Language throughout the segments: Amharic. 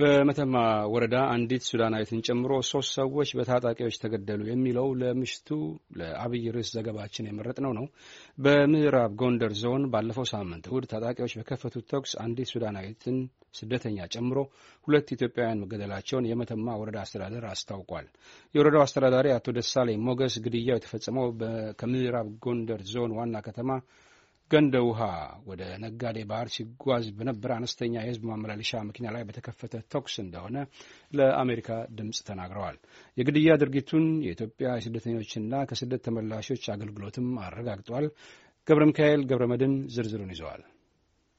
በመተማ ወረዳ አንዲት ሱዳናዊትን ጨምሮ ሶስት ሰዎች በታጣቂዎች ተገደሉ የሚለው ለምሽቱ ለአብይ ርዕስ ዘገባችን የመረጥነው ነው። በምዕራብ ጎንደር ዞን ባለፈው ሳምንት እሁድ ታጣቂዎች በከፈቱት ተኩስ አንዲት ሱዳናዊትን ስደተኛ ጨምሮ ሁለት ኢትዮጵያውያን መገደላቸውን የመተማ ወረዳ አስተዳደር አስታውቋል። የወረዳው አስተዳዳሪ አቶ ደሳሌ ሞገስ ግድያው የተፈጸመው ከምዕራብ ጎንደር ዞን ዋና ከተማ ገንደ ውሃ ወደ ነጋዴ ባህር ሲጓዝ በነበረ አነስተኛ የህዝብ ማመላለሻ መኪና ላይ በተከፈተ ተኩስ እንደሆነ ለአሜሪካ ድምፅ ተናግረዋል። የግድያ ድርጊቱን የኢትዮጵያ የስደተኞችና ከስደት ተመላሾች አገልግሎትም አረጋግጧል። ገብረ ሚካኤል ገብረ መድን ዝርዝሩን ይዘዋል።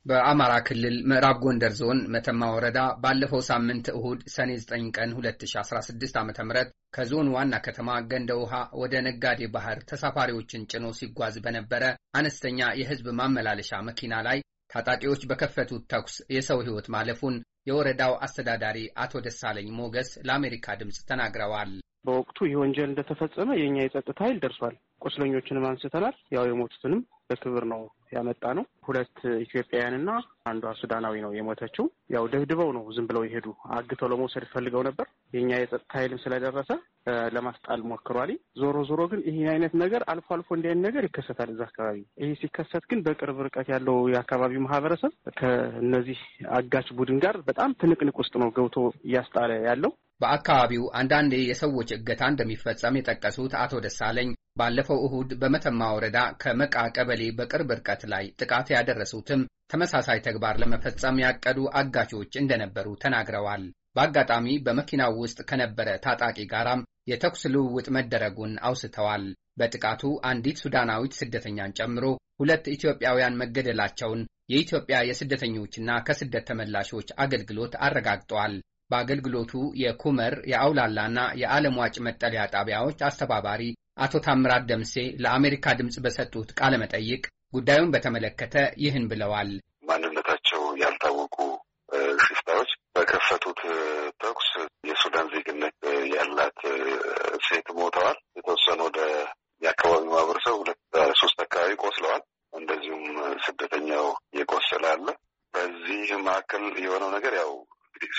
በአማራ ክልል ምዕራብ ጎንደር ዞን መተማ ወረዳ ባለፈው ሳምንት እሁድ ሰኔ 9 ቀን 2016 ዓ ም ከዞን ዋና ከተማ ገንደ ውሃ ወደ ነጋዴ ባህር ተሳፋሪዎችን ጭኖ ሲጓዝ በነበረ አነስተኛ የሕዝብ ማመላለሻ መኪና ላይ ታጣቂዎች በከፈቱት ተኩስ የሰው ሕይወት ማለፉን የወረዳው አስተዳዳሪ አቶ ደሳለኝ ሞገስ ለአሜሪካ ድምፅ ተናግረዋል። በወቅቱ ይህ ወንጀል እንደተፈጸመ የእኛ የጸጥታ ኃይል ደርሷል። ቁስለኞችንም አንስተናል። ያው የሞቱትንም በክብር ነው ያመጣ ነው። ሁለት ኢትዮጵያውያንና አንዷ ሱዳናዊ ነው የሞተችው። ያው ደብድበው ነው ዝም ብለው የሄዱ አግተው ለመውሰድ ፈልገው ነበር። የኛ የጸጥታ ኃይልም ስለደረሰ ለማስጣል ሞክሯል። ዞሮ ዞሮ ግን ይህን አይነት ነገር አልፎ አልፎ እንዲህ አይነት ነገር ይከሰታል እዛ አካባቢ። ይህ ሲከሰት ግን በቅርብ ርቀት ያለው የአካባቢው ማህበረሰብ ከእነዚህ አጋች ቡድን ጋር በጣም ትንቅንቅ ውስጥ ነው ገብቶ እያስጣለ ያለው። በአካባቢው አንዳንድ የሰዎች እገታ እንደሚፈጸም የጠቀሱት አቶ ደሳለኝ ባለፈው እሁድ በመተማ ወረዳ ከመቃ ቀበሌ በቅርብ ርቀት ላይ ጥቃት ያደረሱትም ተመሳሳይ ተግባር ለመፈጸም ያቀዱ አጋቾች እንደነበሩ ተናግረዋል። በአጋጣሚ በመኪናው ውስጥ ከነበረ ታጣቂ ጋራም የተኩስ ልውውጥ መደረጉን አውስተዋል። በጥቃቱ አንዲት ሱዳናዊት ስደተኛን ጨምሮ ሁለት ኢትዮጵያውያን መገደላቸውን የኢትዮጵያ የስደተኞችና ከስደት ተመላሾች አገልግሎት አረጋግጧል። በአገልግሎቱ የኩመር የአውላላና የዓለም ዋጭ መጠለያ ጣቢያዎች አስተባባሪ አቶ ታምራት ደምሴ ለአሜሪካ ድምፅ በሰጡት ቃለ መጠይቅ ጉዳዩን በተመለከተ ይህን ብለዋል። ማንነታቸው ያልታወቁ ሽፍታዎች በከፈቱት ተኩስ የሱዳን ዜግነት ያላት ሴት ሞተዋል። የተወሰኑ ወደ የአካባቢው ማህበረሰብ ሁለት ሶስት አካባቢ ቆስለዋል። እንደዚሁም ስደተኛው የቆሰለ አለ። በዚህ መካከል የሆነው ነገር ያው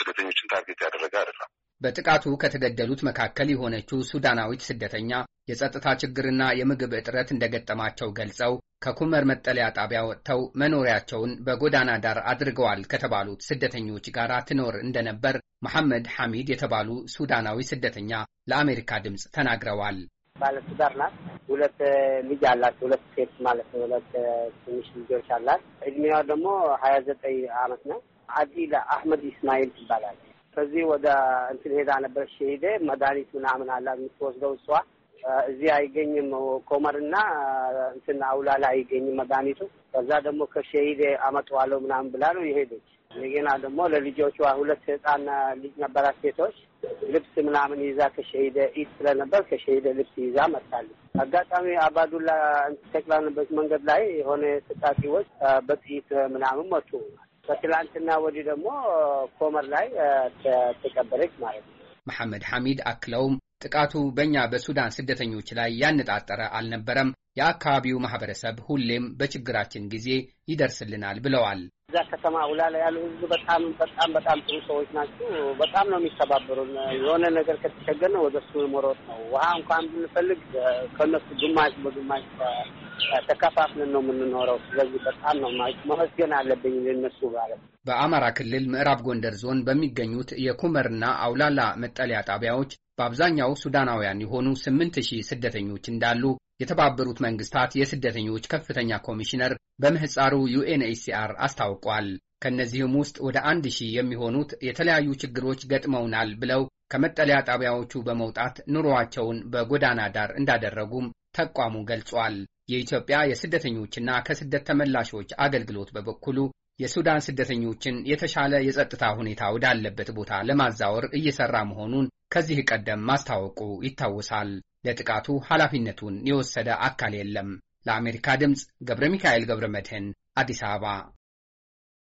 ስደተኞችን ታርጌት ያደረገ አይደለም። በጥቃቱ ከተገደሉት መካከል የሆነችው ሱዳናዊት ስደተኛ የጸጥታ ችግርና የምግብ እጥረት እንደገጠማቸው ገልጸው ከኩመር መጠለያ ጣቢያ ወጥተው መኖሪያቸውን በጎዳና ዳር አድርገዋል ከተባሉት ስደተኞች ጋር ትኖር እንደነበር መሐመድ ሐሚድ የተባሉ ሱዳናዊ ስደተኛ ለአሜሪካ ድምፅ ተናግረዋል። ባለ ናት። ሁለት ልጅ አላት። ሁለት ሴት ማለት ሁለት ትንሽ ልጆች አላት። እድሜዋ ደግሞ ሀያ ዘጠኝ አመት ነው። አዲላ አህመድ ኢስማኤል ትባላለች። ከዚህ ወደ እንትን ሄዳ ነበር ሄደ መድኃኒት ምናምን አላ የምትወስደው እሷ እዚህ አይገኝም። ኮመርና እንትን አውላላ አይገኝም መድኃኒቱ። ከዛ ደግሞ ከሸሂዴ አመጣዋለሁ ምናምን ብላ ነው የሄደች። እንደገና ደግሞ ለልጆቿ ሁለት ህፃን ልጅ ነበራት ሴቶች ልብስ ምናምን ይዛ ከሸሂደ ኢድ ስለነበር ከሸሂደ ልብስ ይዛ መጣለች። አጋጣሚ አባዱላ ተክላንበት መንገድ ላይ የሆነ ታጣቂዎች በጥይት ምናምን መቱ። በትላንትና ወዲህ ደግሞ ኮመር ላይ ተቀበለች ማለት ነው። መሐመድ ሐሚድ አክለውም ጥቃቱ በእኛ በሱዳን ስደተኞች ላይ ያነጣጠረ አልነበረም። የአካባቢው ማህበረሰብ ሁሌም በችግራችን ጊዜ ይደርስልናል ብለዋል። እዛ ከተማ ውላላ ያሉ ህዝብ በጣም በጣም በጣም ጥሩ ሰዎች ናቸው። በጣም ነው የሚተባበሩን። የሆነ ነገር ከተቸገርን ወደ እሱ መሮጥ ነው። ውሃ እንኳን ብንፈልግ ከነሱ ግማሽ በግማሽ ተከፋፍለን ነው የምንኖረው። ስለዚህ በጣም ነው መመስገን አለብኝ ለነሱ ማለት። በአማራ ክልል ምዕራብ ጎንደር ዞን በሚገኙት የኩመርና አውላላ መጠለያ ጣቢያዎች በአብዛኛው ሱዳናውያን የሆኑ ስምንት ሺህ ስደተኞች እንዳሉ የተባበሩት መንግስታት የስደተኞች ከፍተኛ ኮሚሽነር በምህፃሩ ዩኤንኤችሲአር አስታውቋል። ከእነዚህም ውስጥ ወደ አንድ ሺህ የሚሆኑት የተለያዩ ችግሮች ገጥመውናል ብለው ከመጠለያ ጣቢያዎቹ በመውጣት ኑሮአቸውን በጎዳና ዳር እንዳደረጉም ተቋሙ ገልጿል። የኢትዮጵያ የስደተኞችና ከስደት ተመላሾች አገልግሎት በበኩሉ የሱዳን ስደተኞችን የተሻለ የጸጥታ ሁኔታ ወዳለበት ቦታ ለማዛወር እየሰራ መሆኑን ከዚህ ቀደም ማስታወቁ ይታወሳል። ለጥቃቱ ኃላፊነቱን የወሰደ አካል የለም። ለአሜሪካ ድምፅ ገብረ ሚካኤል ገብረ መድህን አዲስ አበባ